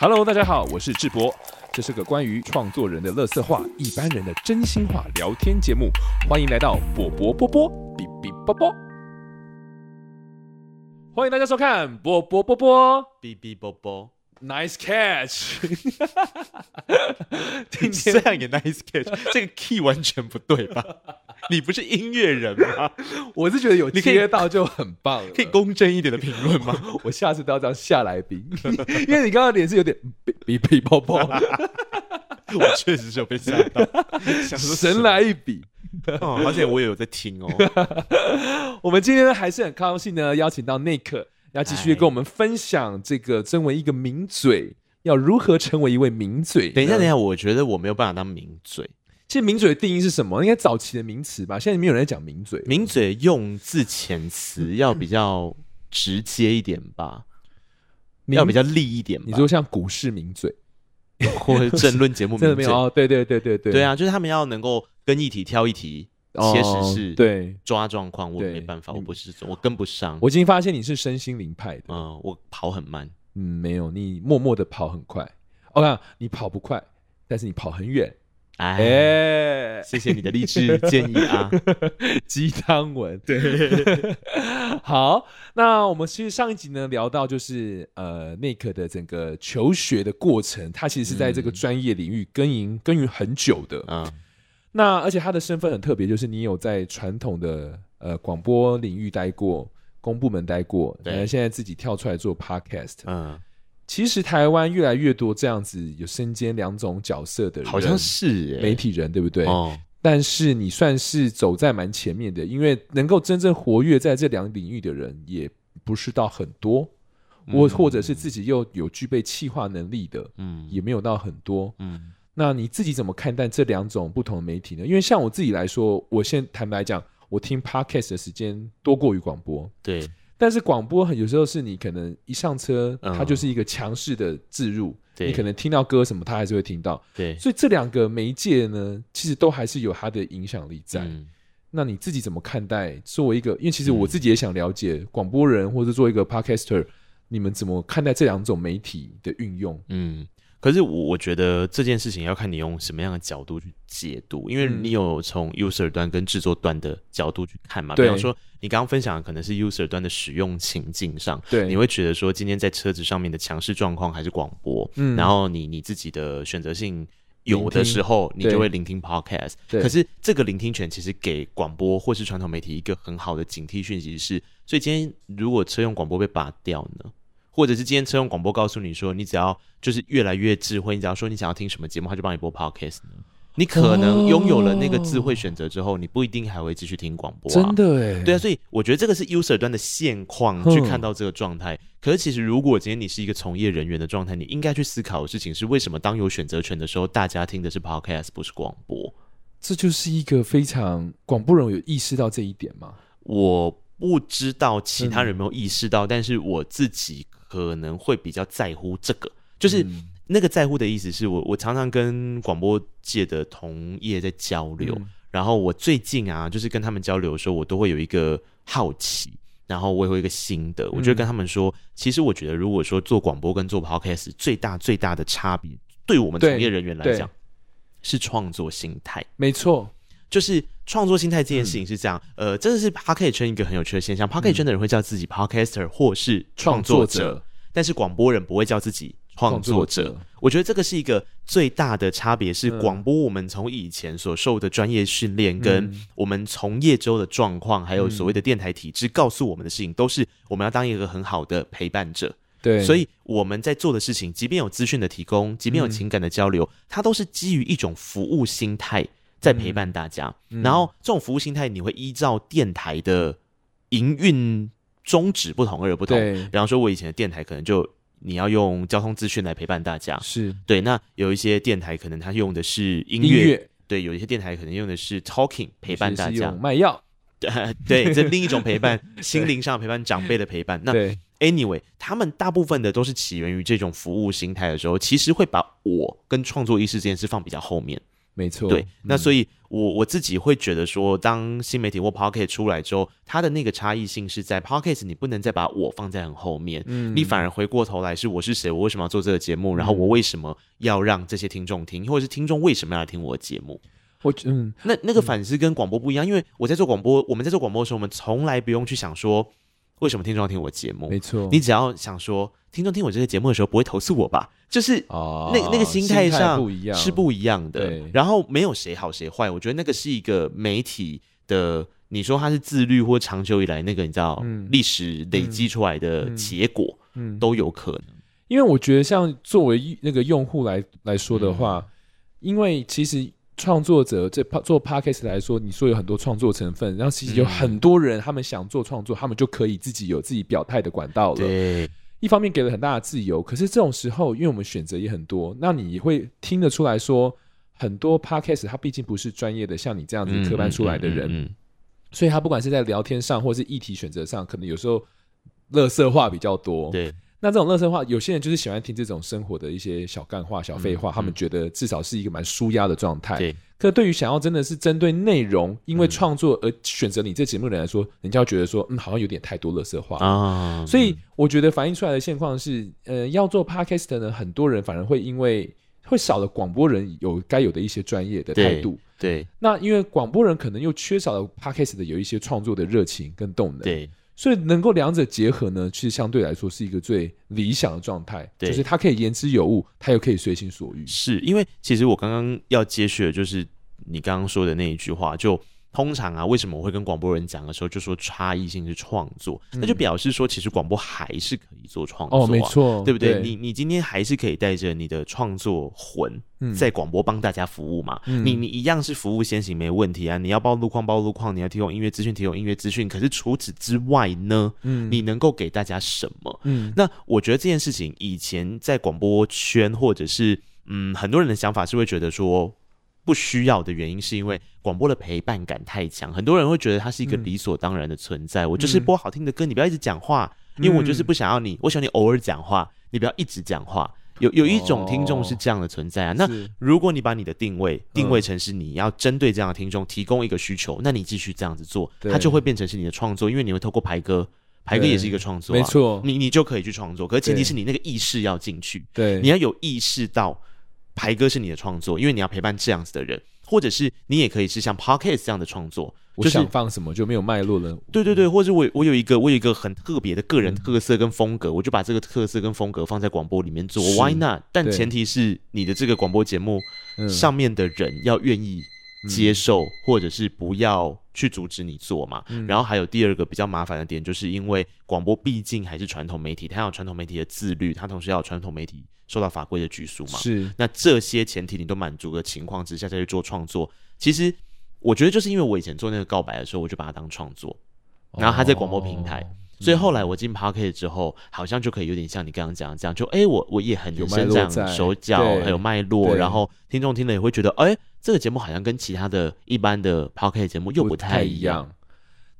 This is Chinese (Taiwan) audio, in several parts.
Hello，大家好，我是智博，這是個關於創作人的樂色話、一般人的真心話聊天節目，歡迎來到波波波波波，嗶嗶波波，歡迎大家收看波波波波波，嗶嗶波波波。Nice catch！聽 起來也 nice catch，這個 key 完全不對吧？你不是音樂人嗎？ 我是覺得有聽得到就很棒了可，可以公正一點的評論嗎？ 我下次都要這樣嚇來賓， 因為你剛剛臉是有點爆爆 被被包包。我確實是有被嚇到，想說神來一筆。嗯、 哦，而且我也有在聽哦。 我們今天還是很高興呢，邀請到 Nick。要繼續跟我們分享這個身為一個名嘴，要如何成為一位名嘴？等一下，等一下，我覺得我沒有辦法當名嘴。其實名嘴的定義是什麼？應該早期的名詞吧？現在沒有人在講名嘴？名嘴用字遣詞要比較直接一點吧， 要比較利一點。你說像股市名嘴，或者政論節目名嘴？哦，對對對對對，對啊，就是他們要能夠跟議題挑議題。其實是對抓狀況、哦，我沒辦法，我不是我跟不上。我已經發現你是身心靈派的。嗯，我跑很慢。嗯，沒有，你默默的跑很快。OK，、oh, no, 你跑不快，但是你跑很遠。哎，哎謝謝你的勵志建議啊， 雞湯文。對。 好，那我們其實上一集呢聊到就是呃內克的整個求學的過程，它其實是在這個專業領域耕耘耕耘很久的啊。嗯那而且他的身份很特別，就是你有在傳統的呃廣播領域待過，公部門待過，對，然後現在自己跳出來做 podcast，嗯，其實台灣越來越多這樣子有身兼兩種角色的人，好像是、欸、媒體人對不對？哦，但是你算是走在蠻前面的，因為能夠真正活躍在這兩領域的人也不是到很多，嗯、或者是自己又有具備企劃能力的，嗯，也沒有到很多，嗯。嗯那你自己怎麼看待這兩種不同的媒體呢？因為像我自己來說，我先坦白講，我聽 podcast 的時間多過於廣播。對，但是廣播很，有時候是你可能一上車，嗯、它就是一個強勢的置入，對，你可能聽到歌什麼，它還是會聽到。對，所以這兩個媒介呢，其實都還是有它的影響力在。嗯、那你自己怎麼看待？作為一個，因為其實我自己也想了解、嗯、廣播人或者做一個 podcaster，你們怎麼看待這兩種媒體的運用？嗯。可是我我覺得這件事情要看你用什麼樣的角度去解讀，因為你有從 user 端跟製作端的角度去看嘛。嗯、比方說，你剛剛分享的可能是 user 端的使用情境上，對，你會覺得說今天在車子上面的強勢狀況還是廣播，嗯，然後你你自己的選擇性有的時候你就會聆聽 podcast，可是這個聆聽權其實給廣播或是傳統媒體一個很好的警惕訊息是，所以今天如果車用廣播被拔掉呢？或者是今天車用廣播告訴你說，你只要就是越來越智慧，你只要說你想要聽什麼節目，他就幫你播 podcast。你可能擁有了那個智慧選擇之後，哦，你不一定還會繼續聽廣播啊。真的哎，對啊，所以我覺得這個是 user 端的現況，去看到這個狀態，嗯。可是其實，如果今天你是一個從業人員的狀態，你應該去思考的事情是：為什麼當有選擇權的時候，大家聽的是 podcast 不是廣播？這就是一個非常，廣播人有意識到這一點嗎？我不知道其他人有沒有意識到，但是我自己。可能會比較在乎這個，就是那個在乎的意思，是我、嗯、我常常跟廣播界的同業在交流、嗯，然後我最近啊，就是跟他們交流的時候，我都會有一個好奇，然後我也會有一個心得，我就會跟他們說、嗯，其實我覺得，如果說做廣播跟做 podcast 最大最大的差別，對我們從業人員來講，是創作心態。沒錯，就是。創作心態這件事情是這樣，嗯、呃，真的是 Podcast 圈一個很有趣的現象、嗯，Podcast 圈的人會叫自己 Podcaster 或是創作，作者，但是廣播人不會叫自己創作，作者。我覺得這個是一個最大的差別，是廣播我們從以前所受的專業訓練、嗯，跟我們從業後的狀況，還有所謂的電台體制告訴我們的事情、嗯，都是我們要當一個很好的陪伴者。對，所以我們在做的事情，即便有資訊的提供，即便有情感的交流，嗯、它都是基於一種服務心態。在陪伴大家、嗯，然後這種服務心態，你會依照電台的營運宗旨不同而不同。比方說，我以前的電台可能就你要用交通資訊來陪伴大家，是對。那有一些電台可能他用的是音樂，音樂，對，有一些電台可能用的是 talking 陪伴大家，是是是賣藥，呃、對，這 另一種陪伴， 心靈上陪伴長輩的陪伴。那對 anyway，他們大部分的都是起源於這種服務心態的時候，其實會把我跟創作意識這件事放比較後面。沒錯，對，那所以我，我、嗯、我自己會覺得說，當新媒體或 podcast 出來之後，它的那個差異性是在 podcast 你不能再把我放在很後面，嗯，你反而回過頭來是我是誰，我為什麼要做這個節目，然後我為什麼要讓這些聽眾聽、嗯，或者是聽眾為什麼要來聽我的節目？我嗯，那那個反思跟廣播不一樣，因為我在做廣播，我們在做廣播的時候，我們從來不用去想說。為什麼聽眾要聽我節目？沒錯，你只要想說，聽眾聽我這個節目的時候不會投訴我吧？就是、哦、那那個心態上心態不一樣，是不一樣的。嗯、然後沒有誰好誰壞，我覺得那個是一個媒體的，你說他是自律或長久以來那個你知道、嗯、歷史累積出來的結果、嗯嗯，都有可能。因為我覺得像作為那個用戶來來說的話，嗯、因為其實。創作者在做 podcast 來說，你說有很多創作成分，然後其實有很多人、嗯、他們想做創作，他們就可以自己有自己表態的管道了。對。一方面給了很大的自由，可是這種時候，因為我們選擇也很多，那你會聽得出來說，很多 podcast 他畢竟不是專業的，像你這樣子科班出來的人、嗯嗯嗯嗯嗯，所以他不管是在聊天上或是議題選擇上，可能有時候垃圾話比較多。對。那這種垃圾話，有些人就是喜歡聽這種生活的一些小乾話、小廢話、嗯嗯，他們覺得至少是一個蠻舒壓的狀態。對，可對於想要真的是針對內容，因為創作而選擇你這節目的人來說、嗯，人家覺得說，嗯，好像有點太多垃圾話啊。所以我覺得反映出來的現況是，呃，要做 Podcast 呢，很多人反而會因為會少了廣播人有該有的一些專業的態度。對，對那因為廣播人可能又缺少了 Podcast 的有一些創作的熱情跟動能。對。所以能夠兩者結合呢，其實相對來說是一個最理想的狀態，對，就是他可以言之有物，他又可以隨心所欲。是因為其實我剛剛要接續的就是你剛剛說的那一句話，就。通常啊，為什麼我會跟廣播人講的時候就說差異性是創作，嗯？那就表示說，其實廣播還是可以做創作。啊，哦，沒錯，對不對？對，你你今天還是可以帶着你的創作魂在廣播幫大家服務嘛？嗯、你你一樣是服務先行，沒問題啊！嗯、你要報路況，報路況，你要提供音樂資訊，提供音樂資訊。可是除此之外呢？嗯、你能夠給大家什麼，嗯？那我覺得這件事情以前在廣播圈或者是嗯很多人的想法是會覺得說。不需要的原因是因為廣播的陪伴感太強，很多人會覺得它是一個理所當然的存在。嗯、我就是播好聽的歌，你不要一直講話、嗯，因為我就是不想要你。我想你偶爾講話，你不要一直講話。嗯、有有一種聽眾是這樣的存在啊、哦。那如果你把你的定位定位成是你要針對這樣的聽眾提供一個需求，嗯、那你繼續這樣子做，它就會變成是你的創作。因為你會透過排歌，排歌也是一個創作、啊，沒錯，你你就可以去創作。可是前提是你那個意識要進去，對，你要有意識到。排歌，是你的創作，因為你要陪伴這樣子的人，或者是你也可以是像 Podcast 這樣的創作。我想放什麼就沒有脈絡了。就是、對對對，或者我我有一個我有一個很特別的個人特色跟風格、嗯，我就把這個特色跟風格放在廣播裡面做。Why not？但前提是你的這個廣播節目上面的人要願意、嗯。接受或者是不要去阻止你做嘛、嗯，然後還有第二個比較麻煩的點，就是因為廣播畢竟還是傳統媒體，它有傳統媒體的自律，它同時要有傳統媒體受到法規的拘束嘛。是，那這些前提你都滿足的情況之下再去做創作，其實我覺得就是因為我以前做那個告白的時候，我就把它當創作、哦，然後它在廣播平台，哦嗯、所以後來我進 Podcast 之後，好像就可以有點像你剛剛講的這樣，就哎，我我也很有生長手腳，還有脈絡，然後聽眾聽了也會覺得哎。誒這個節目好像跟其他的一般的 podcast 節目又不太一樣。一樣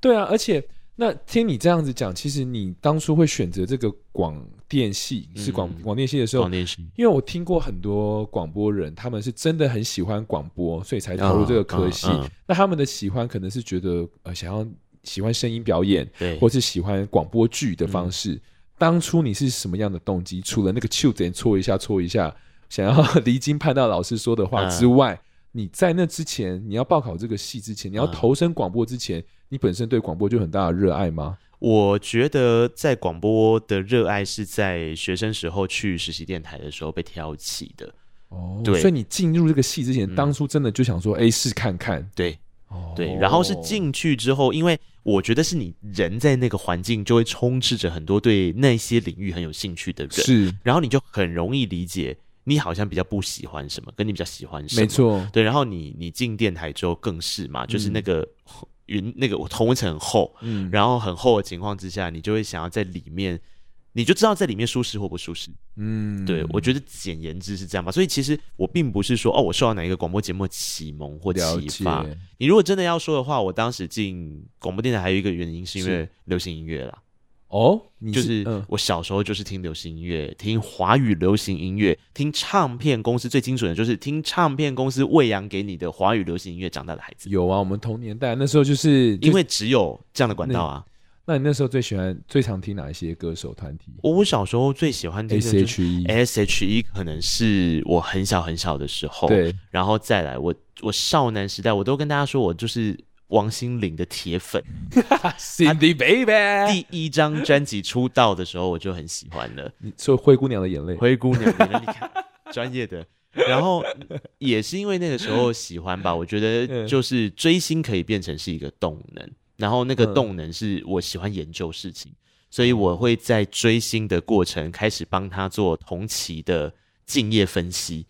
對啊，而且那聽你這樣子講，其實你當初會選擇這個廣電系是廣廣電系的時候、嗯廣電系，因為我聽過很多廣播人，他們是真的很喜歡廣播，所以才投入這個科系。嗯嗯嗯、那他們的喜歡可能是覺得呃想要喜歡聲音表演，對，或是喜歡廣播劇的方式、嗯。當初你是什麼樣的動機？除了那個袖子搓一下搓一下，想要離經叛道老師說的話之外？你在那之前，你要報考這個系之前，你要投身廣播之前，嗯，你本身對廣播就很大的熱愛嗎？我覺得在廣播的熱愛是在學生時候去實習電台的時候被挑起的。哦，對，所以你進入這個系之前，嗯，當初真的就想說，哎，嗯，試看看，對，哦，對，然後是進去之後，因為我覺得是你人在那個環境就會充斥着很多對那些領域很有興趣的人，是，然後你就很容易理解。你好像比較不喜歡什麼，跟你比較喜歡什麼？沒錯，對。然後你你進電台之後更是嘛，嗯、就是那個雲那個我同溫層很厚，嗯，然後很厚的情況之下，你就會想要在裡面，你就知道在裡面舒適或不舒適，嗯，對。我覺得簡言之是這樣吧。所以其實我並不是說哦，我受到哪一個廣播節目啟蒙或啟發。你如果真的要說的話，我當時進廣播電台還有一個原因是因為流行音樂啦。哦、你是？就是我小時候就是聽流行音樂，嗯，聽華語流行音樂，聽唱片公司最精準的就是聽唱片公司餵養給你的華語流行音樂長大的孩子。有啊，我們同年代那時候就是就因為只有這樣的管道啊。那，那你那時候最喜歡最常聽哪一些歌手團體？我我小時候最喜歡聽的是 S, S H E，S H E 可能是我很小很小的時候，對，然後再來我我少男時代，我都跟大家說我就是。王心凌的鐵粉，Cindy Baby， 第一張專輯出道的時候我就很喜歡了。你說灰姑娘的眼淚，灰姑娘，專業的。然後也是因為那個時候喜歡吧，我覺得就是追星可以變成是一個動能，然後那個動能是我喜歡研究事情，所以我會在追星的過程開始幫她做同期的競業分析。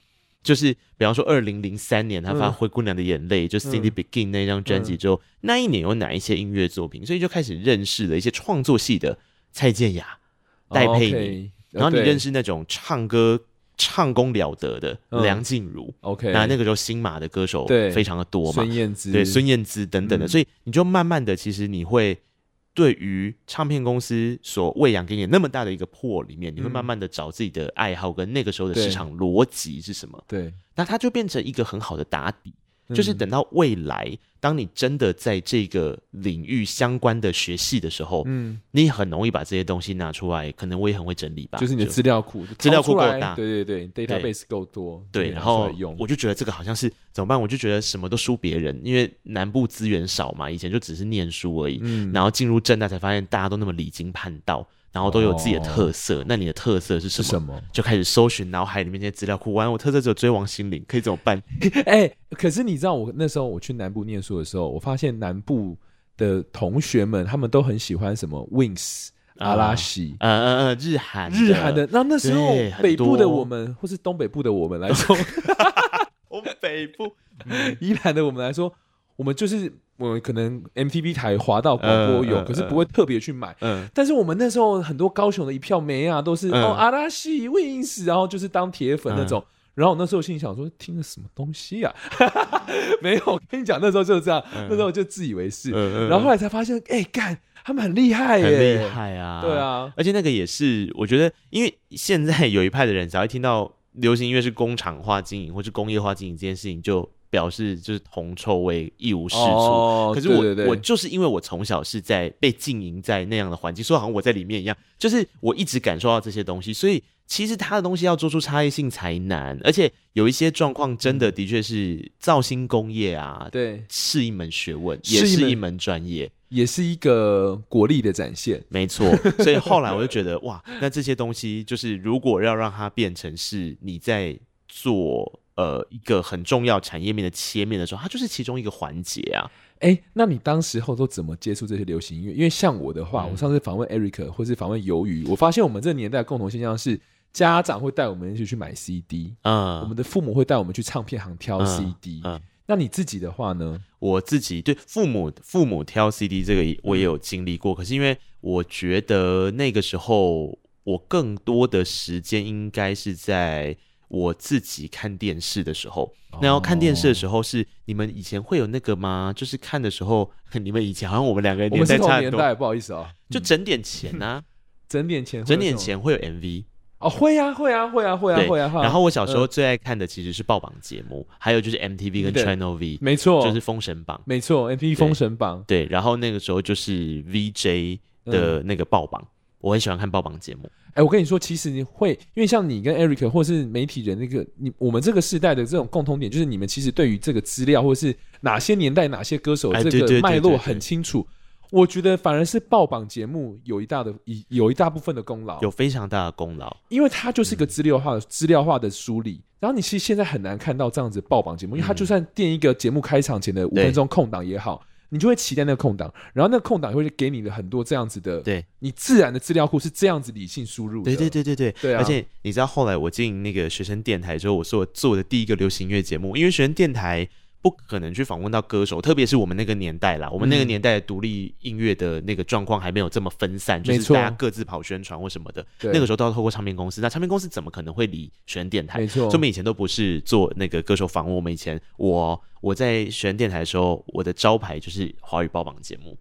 就是，比方說，二零零三年他發《灰姑娘的眼淚》嗯，就《Cindy Begin》那張專輯之後、嗯，那一年有哪一些音樂作品、嗯？所以就開始認識了一些創作系的蔡健雅、哦、戴佩妮，哦、okay, 然後你認識那種唱歌、哦、唱功了得的梁靜茹、嗯。OK，那那個時候新馬的歌手非常的多嘛，孫燕姿，對，孫燕姿等等的、嗯，所以你就慢慢的，其實你會。對於唱片公司所餵養給你那麼大的一個 pool 裡面，你會慢慢的找自己的愛好跟那個時候的市場邏輯是什麼？嗯、對，對，那它就變成一個很好的打底。就是等到未來、嗯，當你真的在這個領域相關的學系的時候，嗯，你很容易把這些東西拿出來。可能我也很會整理吧，就是你的資料庫，資料庫夠大，對對對、對，database 夠多對、對。然後，然後我就覺得這個好像是怎麼辦？我就覺得什麼都輸別人，因為南部資源少嘛，以前就只是念書而已，嗯，然後進入政大才發現大家都那麼離經叛道。然後都有自己的特色，哦、那你的特色是什麼？是什麼？就開始搜尋腦海裡面的資料庫。完了，我特色只有追王心凌，可以怎麼辦？哎、欸，可是你知道我，我那時候我去南部念書的時候，我發現南部的同學們他們都很喜歡什麼 Wings、嗯、阿拉西嗯嗯嗯，日韓日韓的。那那時候北部的我們，或是東北部的我們來說， 我北部宜蘭、嗯、的我們來說，我們就是。我可能 MTV 台滑到廣播有、嗯嗯嗯，可是不會特別去買、嗯。但是我們那時候很多高雄的一票沒啊，都是、嗯、哦阿拉西、威英士，Wins, 然後就是當鐵粉那種、嗯。然後我那時候心裡想說，聽了什麼東西呀、啊？ 沒有，我跟你講，那時候就是這樣、嗯，那時候我就自以為是、嗯嗯。然後後來才發現，哎、欸，幹他們很厲害耶，很厲害啊！對啊，而且那個也是，我覺得，因為現在有一派的人，只要一聽到流行音樂是工廠化經營或是工業化經營這件事情，就。表示，就是銅臭味，一無是處。哦、可是我對對對，我就是因為我從小是在被浸淫在那樣的環境，所以好像我在裡面一樣，就是我一直感受到這些東西，所以其實它的東西要做出差異性才難，而且有一些狀況真的、嗯、的確是造星工業啊，對，是一門學問門，也是一門專業，也是一個國力的展現，沒錯。所以後來我就覺得 哇，那這些東西就是如果要讓它變成是你在做。呃，一個很重要產業面的切面的時候，它就是其中一個環節啊。哎、欸，那你當時候都怎麼接觸這些流行音樂？因為像我的話，嗯、我上次訪問 Eric 或是訪問魷魚，我發現我們這個年代的共同現象是，家長會帶我們一起去買 CD 啊、嗯，我們的父母會帶我們去唱片行挑 CD、嗯嗯嗯。那你自己的話呢？我自己對父母父母挑 CD 這個，我也有經歷過、嗯。可是因為我覺得那個時候，我更多的時間應該是在。我自己看電視的時候，Oh. 然後看電視的時候是你們以前會有那個嗎？就是看的時候，你們以前好像我們兩個人年代，差多們年代不好意思哦、喔，就整點錢吶、啊， 整點錢，整點錢會有 MV 哦，會啊會啊會啊會啊會呀。然後我小時候最愛看的其實是爆榜節目、嗯、目，還有就是 MTV 跟 Channel V，沒錯，就是封神榜，沒錯，MTV 封神榜對。對，然後那個時候就是 VJ 的那個爆榜。嗯我很喜歡看報榜節目，哎、欸，我跟你說，其實你會，因為像你跟 Eric 或是媒體人那個，你我們這個世代的這種共通點，就是你們其實對於這個資料，或者是哪些年代、哪些歌手的這個脈絡很清楚。欸、對對對對對對對。我覺得反而是報榜節目有一大的一有一大部分的功勞，有非常大的功勞，因為它就是個資料化的、嗯、資料化的梳理。然後你其實現在很難看到這樣子報榜節目、嗯，因為它就算墊一個節目開場前的五分鐘空檔也好。你就會騎在那個空檔，然後那個空檔會給你的很多這樣子的，對，你自然的資料庫是這樣子理性輸入的。對對對對對，對啊，而且你知道後來我進那個學生電台之後，我做做的第一個流行音樂節目，因為學生電台。不可能去訪問到歌手，特別是我們那個年代啦。嗯、我們那個年代的獨立音樂的那個狀況還沒有這麼分散，嗯，就是大家各自跑宣傳或什麼的。那個時候都要透過唱片公司，那唱片公司怎麼可能會理學電台？沒錯，說明以，以前都不是做那個歌手訪問。我們以前我，我我在學電台的時候，我的招牌就是華語報榜節目，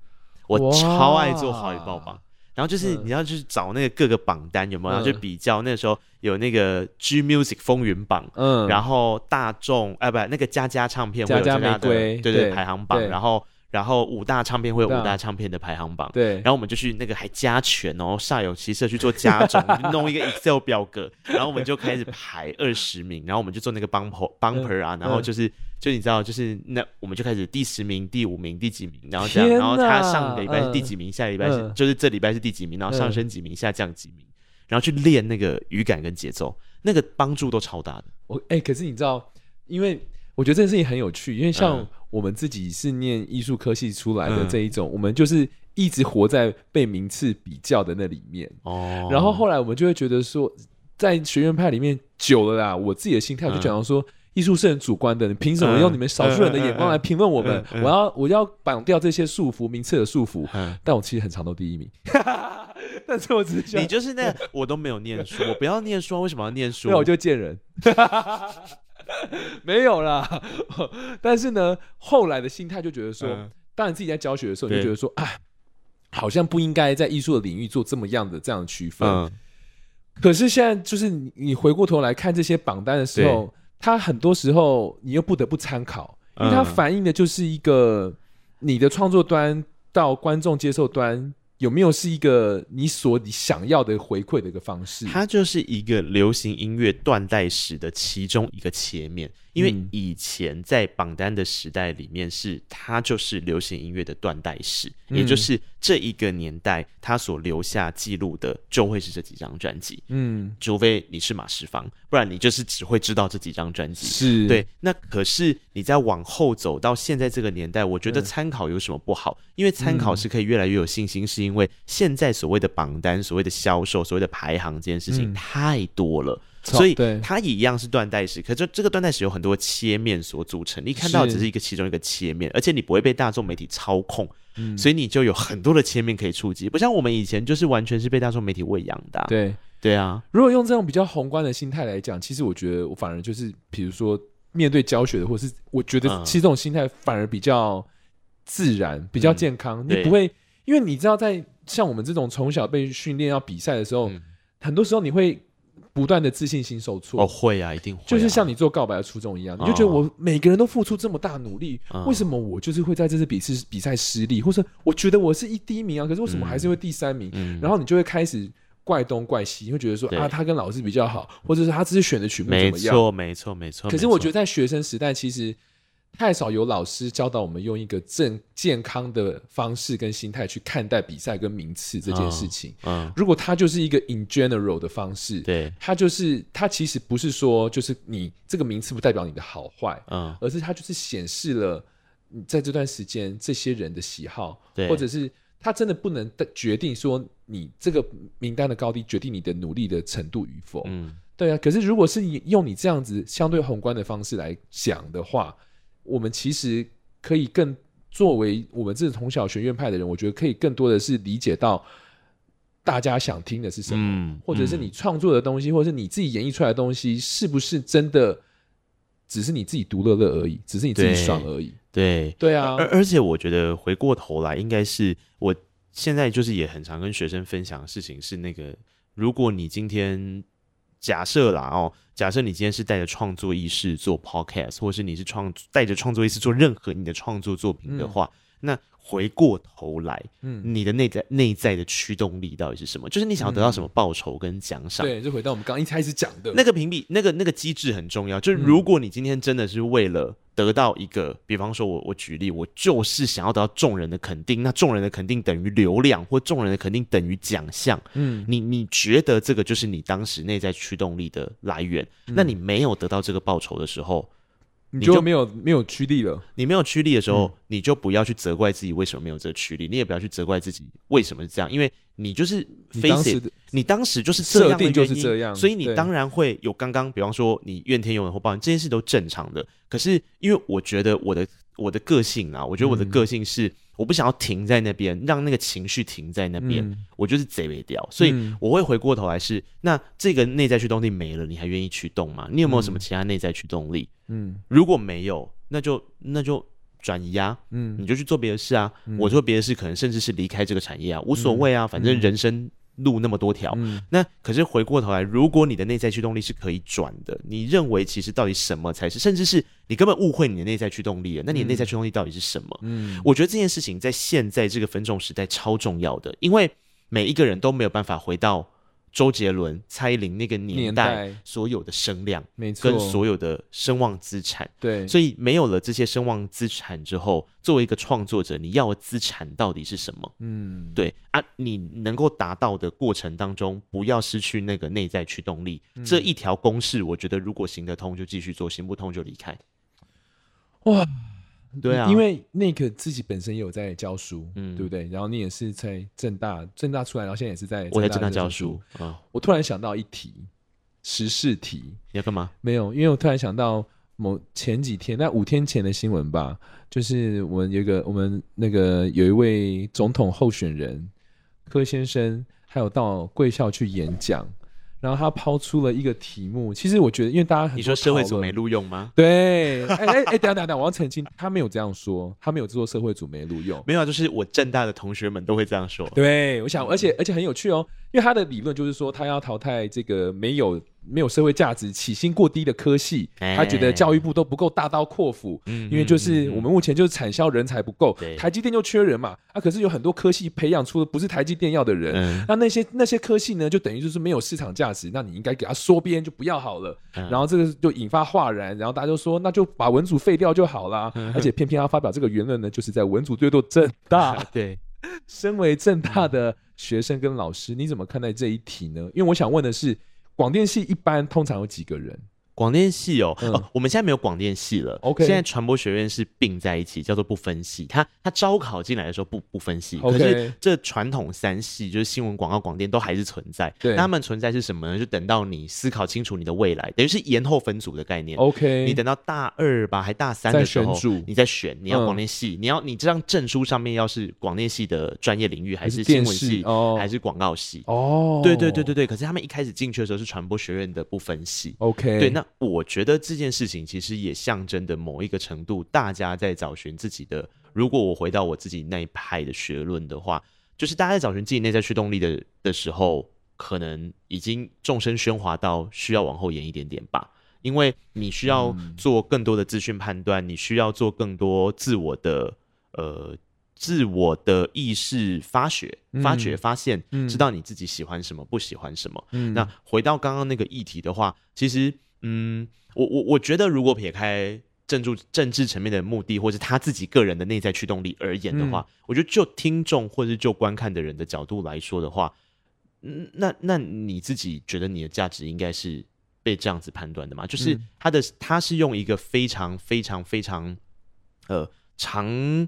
我超愛做華語報榜。然後就是你要去找那個各個榜單、嗯、有沒有，然後去比較。那個時候有那個 G Music 風雲榜，嗯，然後大眾哎、啊、不，那個佳佳唱片會有什麼樣的家家對對排行榜，然後。然後五大唱片會有五大唱片的排行榜，對、啊對。然後我們就去那個還加權、哦，然後煞有其事去做加總， 弄一個 Excel 表格， 然後我們就開始排二十名， 然後我們就做那個 bumper bumper 啊、嗯嗯，然後就是就你知道，就是那我們就開始第十名、第五名、第幾名，然後這樣，然後他上個禮拜是第幾名，嗯、下個禮拜是就是這禮拜是第幾名、嗯，然後上升幾名，下降幾名，嗯、然後去練那個語感跟節奏，那個幫助都超大的。我哎、欸，可是你知道，因為我覺得這件事情很有趣，因為像、嗯。我們自己是念藝術科系出來的這一種、嗯，我們就是一直活在被名次比較的那裡面。哦，然後後來我們就會覺得說，在學院派裡面久了啦，我自己的心態就講到說，嗯、藝術是很主觀的，你憑什麼用你們少數人的眼光來評論我們？嗯嗯嗯嗯嗯、我要我要綁掉這些束縛，名次的束縛。嗯，但我其實很常都第一名。 但是我只是想你就是那我都沒有念書， 念書，我不要念書，為什麼要念書？那我就見人。 沒有啦，但是呢，後來的心態就覺得說，嗯、當你自己在教學的時候你就覺得說，啊，好像不應該在藝術的領域做這麼樣的這樣區分、嗯。可是現在就是你你回過頭來看這些榜單的時候，它很多時候你又不得不參考、嗯，因為它反映的就是一個你的創作端到觀眾接受端。有沒有是一個你所想要的回饋的一個方式？它就是一個流行音樂斷代史的其中一個切面。因為以前在榜單的時代裡面，是它就是流行音樂的斷代史。嗯，也就是這一個年代，它所留下記錄的就會是這幾張專輯。嗯，除非你是馬世芳，不然你就是只會知道這幾張專輯。是對。那可是你在往後走到現在這個年代，我覺得參考有什麼不好？嗯，因為參考是可以越來越有信心，嗯，是因為現在所謂的榜單、所謂的銷售、所謂的排行這件事情，嗯，太多了。所以它也一樣是斷代史，可這這個斷代史有很多的切面所組成，你看到只是一個其中一個切面，而且你不會被大眾媒體操控、嗯，所以你就有很多的切面可以觸及、嗯，不像我們以前就是完全是被大眾媒體餵養的。對對啊，如果用這種比較宏觀的心態來講，其實我覺得我反而就是，比如說面對教學的，或是我覺得其實這種心態反而比較自然、嗯、比較健康。嗯、你不會因為你知道，在像我們這種從小被訓練要比賽的時候、嗯，很多時候你會。不斷的自信心受挫。哦，會啊，一定會、啊。就是像你做告白的初衷一樣、哦，你就覺得我每個人都付出這麼大努力，哦、為什麼我就是會在這次比試比賽失利，嗯、或者我覺得我是一第一名啊，可是為什麼還是會第三名、嗯？然後你就會開始怪東怪西，你、嗯、會覺得說、嗯、啊，他跟老師比較好，或者是他只是選的曲目怎麼樣？沒錯，沒錯，沒錯。可是我覺得在學生時代其實太少有老師教導我們用一個正健康的方式跟心態去看待比賽跟名次這件事情。嗯，如果它就是一個 in general 的方式，對，它就是它其實不是說就是你這個名次不代表你的好壞，嗯，而是它就是顯示了你在這段時間這些人的喜好，或者是它真的不能決定說你這個名單的高低決定你的努力的程度與否，嗯，對啊。可是如果是你用你這樣子相對宏觀的方式來講的話。我們其實可以更作為我們這種從小學院派的人，我覺得可以更多的是理解到大家想聽的是什麼，嗯嗯、或者是你創作的東西，或者是你自己演繹出來的東西，是不是真的只是你自己獨樂樂而已，只是你自己爽而已？對，對，對啊。而而且我覺得回過頭來，應該是我現在就是也很常跟學生分享的事情是那個，如果你今天。假設啦哦，假設你今天是帶着創作意識做 podcast，或是你是創帶着創作意識做任何你的創作作品的話，嗯，那回過頭來，嗯，你的內在內在的驅動力到底是什麼？就是你想要得到什麼報酬跟獎賞？對，嗯，就回到我們剛剛一開始講的那個評比那個那個機制很重要。就是如果你今天真的是為了。得到一個，比方說我，我我舉例，我就是想要得到眾人的肯定，那眾人的肯定等於流量，或眾人的肯定等於獎項，嗯，你你覺得這個就是你當時內在驅動力的來源？那你沒有得到這個報酬的時候？嗯你就，就沒有沒有驅力了。你沒有驅力的時候、嗯，你就不要去責怪自己為什麼沒有這個驅力，你也不要去責怪自己為什麼是這樣，因為你就是 face，你當時，it, 你當時就是這樣的原因，設定就是這樣，所以你當然會有剛剛比方說你怨天尤人或抱怨這件事都正常的。可是因為我覺得我的我的個性啊，我覺得我的個性是。嗯我不想要停在那邊，讓那個情緒停在那邊，嗯，我就是賊沒屌，所以我會回過頭來是，嗯，那這個內在驅動力沒了，你還願意去動嗎？你有沒有什麼其他內在驅動力？嗯，如果沒有，那就那就轉移啊，嗯，你就去做別的事啊，嗯，我做別的事，可能甚至是離開這個產業啊，無所謂啊，嗯，反正人生。路那麼多條、嗯，那可是回過頭來，如果你的內在驅動力是可以轉的，你認為其實到底什麼才是？甚至是你根本誤會你的內在驅動力了。那你的內在驅動力到底是什麼、嗯嗯？我覺得這件事情在現在這個分眾時代超重要的，因為每一個人都沒有辦法回到。周杰倫、蔡依林那個年代所有的聲量，沒錯，跟所有的聲望資產，對，所以沒有了這些聲望資產之後，作為一個創作者，你要的資產到底是什麼？嗯，對啊，你能夠達到的過程當中，不要失去那個內在驅動力，嗯、這一條公式，我覺得如果行得通就繼續做，行不通就離開。哇！對啊，因為那個自己本身也有在教書，嗯，對不對？然後你也是在政大，政大出來，然後現在也是在我在政大、就是、在教書啊、哦。我突然想到一題時事題，你要幹嘛？沒有，因為我突然想到某前幾天，那五天前的新聞吧，就是我們有一個我們那個有一位總統候選人柯先生，還有到貴校去演講。然後他拋出了一個題目，其實我覺得，因為大家很，你說社會組沒錄用嗎？對， 哎哎哎，等下等下等下，我要澄清，他沒有這樣說，他沒有製作社會組沒錄用，沒有啊，就是我政大的同學們都會這樣說。對，我想，而且、嗯、而且很有趣哦。因為他的理論就是說，他要淘汰這個沒有沒有社會價值、起薪過低的科系。他覺得教育部都不夠大刀闊斧。哎哎哎因為就是我們目前就是產銷人才不夠，嗯嗯嗯台積電就缺人嘛。啊，可是有很多科系培養出的不是台積電要的人。嗯、那那些那些科系呢，就等於就是沒有市場價值。那你應該給他縮編就不要好了、嗯。然後這個就引發嘩然，然後大家就說，那就把文組廢掉就好啦、嗯。而且偏偏他發表這個言論呢，就是在文組最多政大。 對，身為政大的、嗯。學生跟老師，你怎麼看待這一題呢？因為我想問的是，廣電系一般通常有幾個人？廣電系哦、嗯、哦，我們現在沒有廣電系了。OK，現在傳播學院是併在一起，叫做不分系。它它招考進來的時候不不分系。Okay, 可是這傳統三系就是新聞、廣告、廣電都還是存在。對。那他們存在是什麼呢？就等到你思考清楚你的未來，等於是延後分組的概念。OK，你等到大二吧，還大三的時候，在你再選，你要廣電系，嗯、你要你這張證書上面要是廣電系的專業領域，還是新聞系電視哦，還是廣告系哦。對對對對對。可是他們一開始進去的時候是傳播學院的不分系。OK，對那。我覺得這件事情其實也象徵的某一個程度，大家在找尋自己的。如果我回到我自己那一派的學論的話，就是大家在找尋自己內在驅動力的的時候，可能已經眾聲喧嘩到需要往後延一點點吧。因為你需要做更多的資訊判斷，嗯，你需要做更多自我的呃自我的意識發掘、發掘、發現，嗯，知道你自己喜歡什麼、不喜歡什麼。嗯、那回到剛剛那個議題的話，其實。嗯，我我我覺得，如果撇開政治政治層面的目的，或者他自己個人的內在驅動力而言的話，嗯、我覺得就聽眾或者就觀看的人的角度來說的話，那那你自己覺得你的價值應該是被這樣子判斷的嗎？就是他的、嗯、他是用一個非常非常非常呃長。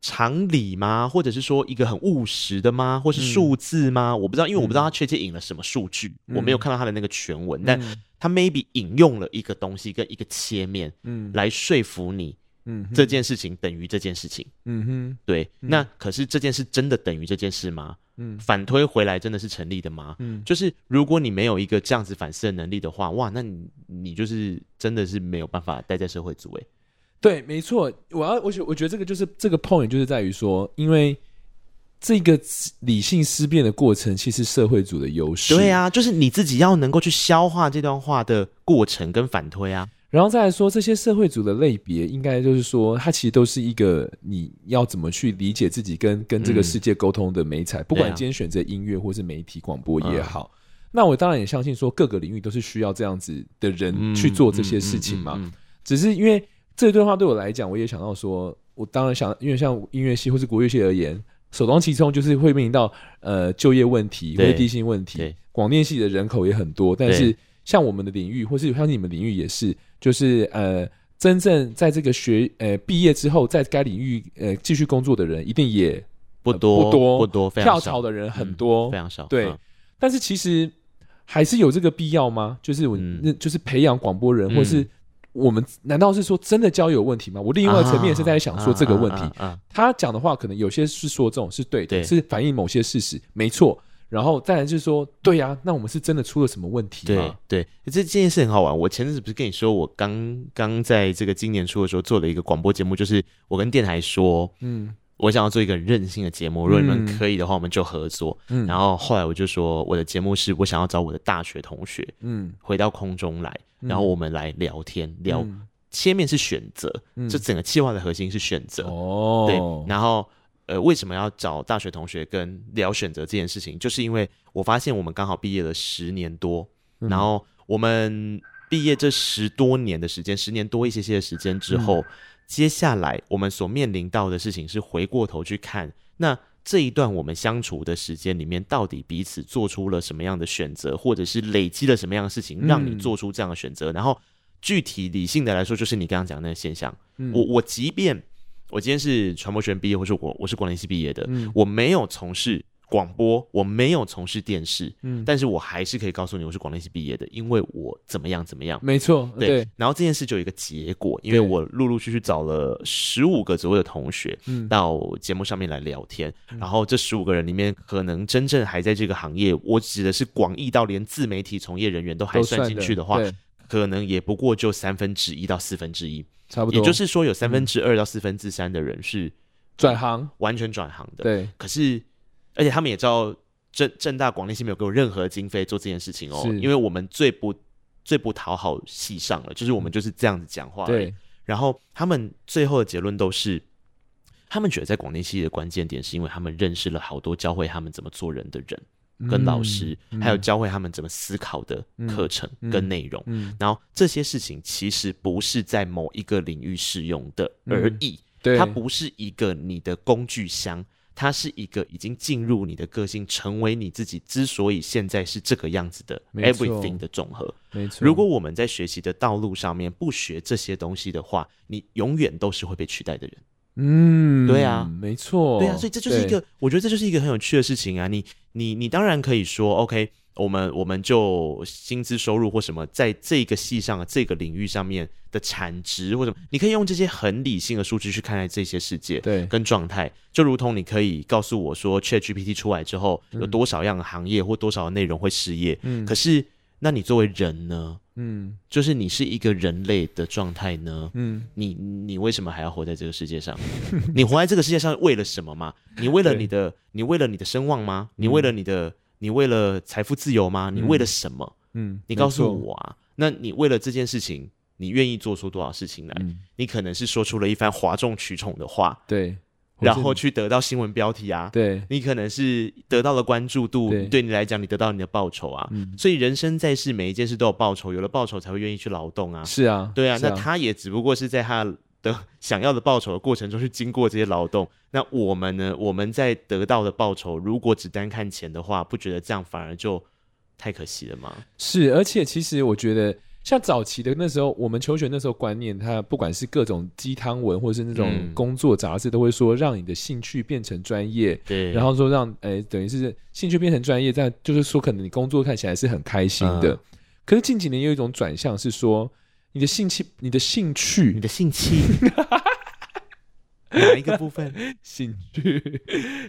常理嗎？或者是說一個很務實的嗎？或是數字嗎？我不知道，因為我不知道他確切引了什麼數據、嗯，我沒有看到他的那個全文、嗯。但他 maybe 引用了一個東西跟一個切面，嗯，來說服你，嗯，這件事情等於這件事情，嗯哼，對。嗯、那可是這件事真的等於這件事嗎？嗯，反推回來真的是成立的嗎？嗯，就是如果你沒有一個這樣子反思的能力的話，哇，那你你就是真的是沒有辦法待在社會組耶。對，沒錯，我要我覺我覺得這個就是這個 point，就是在於說，因為這個理性思辨的過程，其實是社會組的優勢。對啊，就是你自己要能夠去消化這段話的過程跟反推啊，然後再來說這些社會組的類別，應該就是說，它其實都是一個你要怎麼去理解自己跟跟這個世界溝通的媒材。不管你今天選擇音樂或是媒體廣播也好。嗯、那我當然也相信說，各個領域都是需要這樣子的人去做這些事情嘛，嗯嗯嗯嗯嗯、只是因為。這一段話對我來講，我也想到說，我當然想，因為像音樂系或是國樂系而言，首當其衝就是會面臨到呃就業問題、低薪問題。廣電系的人口也很多，但是像我們的領域，或是像你們的領域也是，就是呃真正在這個學呃畢業之後，在該領域呃繼續工作的人一定也不多不多，跳、呃、槽的人很多、嗯、非常少。對、嗯，但是其實還是有這個必要嗎？就是我那、嗯、就是培養廣播人，嗯、或是。我們難道是說真的交友問題嗎？我另外的層面是在想說這個問題。啊啊啊啊啊、他講的話可能有些是說這種是對的，對是反映某些事實，沒錯。然後再來就是說，嗯、對呀、啊，那我們是真的出了什麼問題嗎？對，這這件事很好玩。我前陣子不是跟你說，我剛剛在這個今年初的時候做了一個廣播節目，就是我跟電台說，嗯，我想要做一個任性的節目，如果你們可以的話，我們就合作、嗯。然後後來我就說，我的節目是我想要找我的大學同學，嗯，回到空中來。然後我們來聊天，嗯、聊切面是選擇，這、嗯、整個企劃的核心是選擇。哦、嗯，對。然後，呃，為什麼要找大學同學跟聊選擇這件事情？就是因為我發現我們剛好畢業了十年多，嗯、然後我們畢業這十多年的時間，十年多一些些的時間之後，嗯、接下來我們所面臨到的事情是回過頭去看那。這一段我們相處的時間裡面，到底彼此做出了什麼樣的選擇，或者是累積了什麼樣的事情，讓你做出這樣的選擇。嗯。然後，具體理性的來說，就是你剛剛講的那個現象。嗯。我我即便我今天是傳播學院畢業，或者我我是廣聯系畢業的。嗯，我沒有從事。廣播，我沒有從事電視，嗯，但是我還是可以告訴你，我是廣電系畢業的，因為我怎麼樣怎麼樣，沒錯，對。Okay. 然後這件事就有一個結果，因為我陸陸續續找了十五個左右的同學，嗯，到節目上面來聊天。嗯、然後這十五個人裡面，可能真正還在這個行業，嗯、我指的是廣義到連自媒體從業人員都還算進去的話的，可能也不過就三分之一到四分之一，差不多。也就是說，有三分之二到四分之三的人是轉、嗯、行，完全轉行的，對。可是而且他們也知道，政、政大廣電系沒有給我任何經費做這件事情哦，因為我們最不最不討好系上了，就是我們就是這樣子講話。對，然後他們最後的結論都是，他們覺得在廣電系的關鍵點是因為他們認識了好多教會他們怎麼做人的人跟老師，嗯、還有教會他們怎麼思考的課程跟內容、嗯嗯嗯。然後這些事情其實不是在某一個領域適用的而已、嗯對，它不是一個你的工具箱。它是一個已經進入你的個性，成為你自己之所以現在是這個樣子的 everything 的總和。沒錯，如果我們在學習的道路上面不學這些東西的話，你永遠都是會被取代的人。嗯，對啊，沒錯，對啊，所以這就是一個，我覺得這就是一個很有趣的事情啊。你你你當然可以說，OK。我們我們就薪資收入或什麼，在這個系上、這個領域上面的產值或什麼，你可以用這些很理性的數據去看待這些世界，對，跟狀態，就如同你可以告訴我說，ChatGPT 出來之後，有多少樣的行業或多少內容會失業？嗯，可是那你作為人呢？嗯，就是你是一個人類的狀態呢？嗯，你你為什麼還要活在這個世界上？ 你活在這個世界上為了什麼嘛？你為了你的，你為了你的聲望嗎？你為了你的？你為了財富自由嗎？你為了什麼？嗯，嗯，你告訴我啊。那你為了這件事情，你願意做出多少事情來？嗯，你可能是說出了一番譁眾取寵的話，對，然後去得到新聞標題啊，對你可能是得到了關注度，對，對你來講，你得到你的報酬啊。所以人生在世，每一件事都有報酬，有了報酬才會願意去勞動啊。是啊，對啊。啊，那他也只不過是在他。的想要的報酬的過程中去經過這些勞動，那我們呢？我們在得到的報酬，如果只單看錢的話，不覺得這樣反而就太可惜了嗎？是，而且其實我覺得，像早期的那時候，我們求學那時候觀念，它不管是各種雞湯文，或是那種工作雜誌，都會說讓你的興趣變成專業、嗯，對，然後說讓，哎、欸，等於是興趣變成專業，但就是說，可能你工作看起來是很開心的，啊、可是近幾年有一種轉向是說。你的興趣，你的興趣，你的興趣，哪一個部分？ 興趣？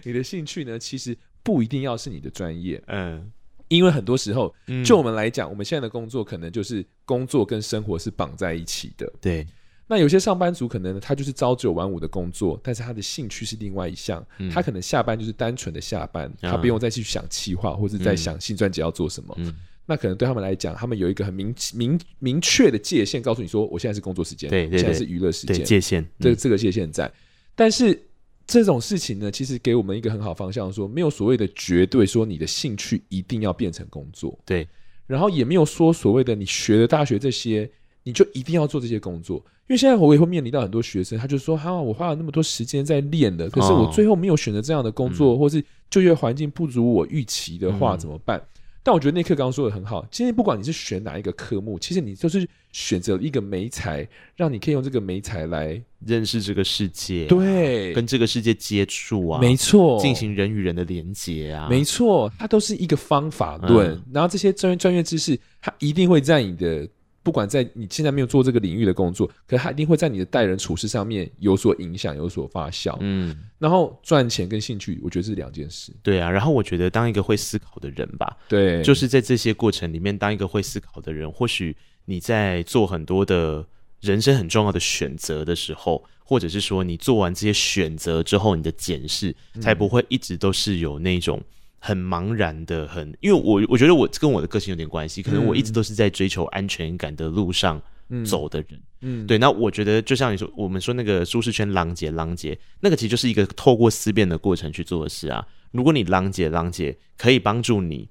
你的興趣呢？其實不一定要是你的專業，嗯，因為很多時候，就我們來講，我們現在的工作可能就是工作跟生活是綁在一起的。對，那有些上班族可能呢他就是朝九晚五的工作，但是他的興趣是另外一項、嗯，他可能下班就是單純的下班，他不用再去想企劃，或者在想新專輯要做什麼。嗯嗯那可能對他們來講，他們有一個很明明明確的界限，告訴你說，我現在是工作時間，對，現在是娛樂時間，界限，這、嗯、這個界限在。但是這種事情呢，其實給我們一個很好方向說，說沒有所謂的絕對，說你的興趣一定要變成工作，對。然後也沒有說所謂的你學了大學這些，你就一定要做這些工作。因為現在我也會面臨到很多學生，他就說，哈、啊，我花了那麼多時間在練的，可是我最後沒有選擇這樣的工作，哦嗯、或是就業環境不如我預期的話、嗯，怎麼辦？但我覺得內克剛剛說的很好。其實不管你是選哪一個科目，其實你就是選擇一個媒材，讓你可以用這個媒材來認識這個世界、啊，對，跟這個世界接觸啊，沒錯，進行人與人的連結啊，沒錯，它都是一個方法論、嗯。然後這些專業專業知識，它一定會在你的。不管在你現在沒有做這個領域的工作，可是他一定會在你的待人處事上面有所影響，有所發酵。嗯，然後賺錢跟興趣，我覺得是兩件事。對啊，然後我覺得當一個會思考的人吧，對，就是在這些過程裡面，當一個會思考的人，或許你在做很多的人生很重要的選擇的時候，或者是說你做完這些選擇之後，你的檢視才不會一直都是有那種。很茫然的，很，因為我我覺得我跟我的個性有點關係，可能我一直都是在追求安全感的路上走的人，嗯，嗯對，那我覺得就像你說，我們說那個舒適圈，浪姐，浪姐，那個其實就是一個透過思辨的過程去做的事啊。如果你浪姐，浪姐可以幫助你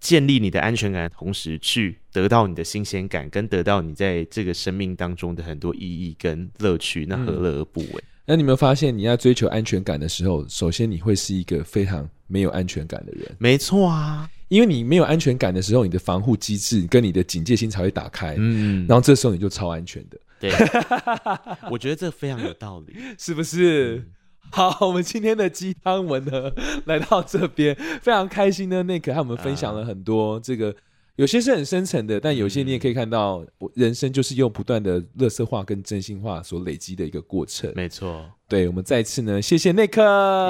建立你的安全感，同時去得到你的新鮮感，跟得到你在這個生命當中的很多意義跟樂趣，那何樂而，而不為？嗯那你有沒有發現，你要追求安全感的時候，首先你會是一個非常沒有安全感的人。沒錯啊，因為你沒有安全感的時候，你的防護機制跟你的警戒心才會打開，嗯，然後這時候你就超安全的。對， 我覺得這非常有道理，是不是？好，我們今天的雞湯文呢，來到這邊，非常開心的 Nick 和我們分享了很多這個。有些是很深層的，但有些你也可以看到，嗯、人生就是用不斷的垃圾化跟真心化所累積的一個過程。沒錯，對，我們再次呢，謝謝內克，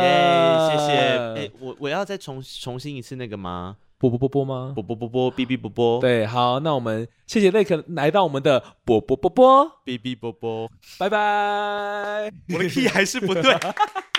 耶、yeah，謝謝。欸、我我要再重重新一次那個嗎？波波波波嗎？波波波波，BB 波波。對，好，那我們謝謝內克，來到我們的波波波波，BB 波波，拜拜。Bye bye 我的 key 還是不對。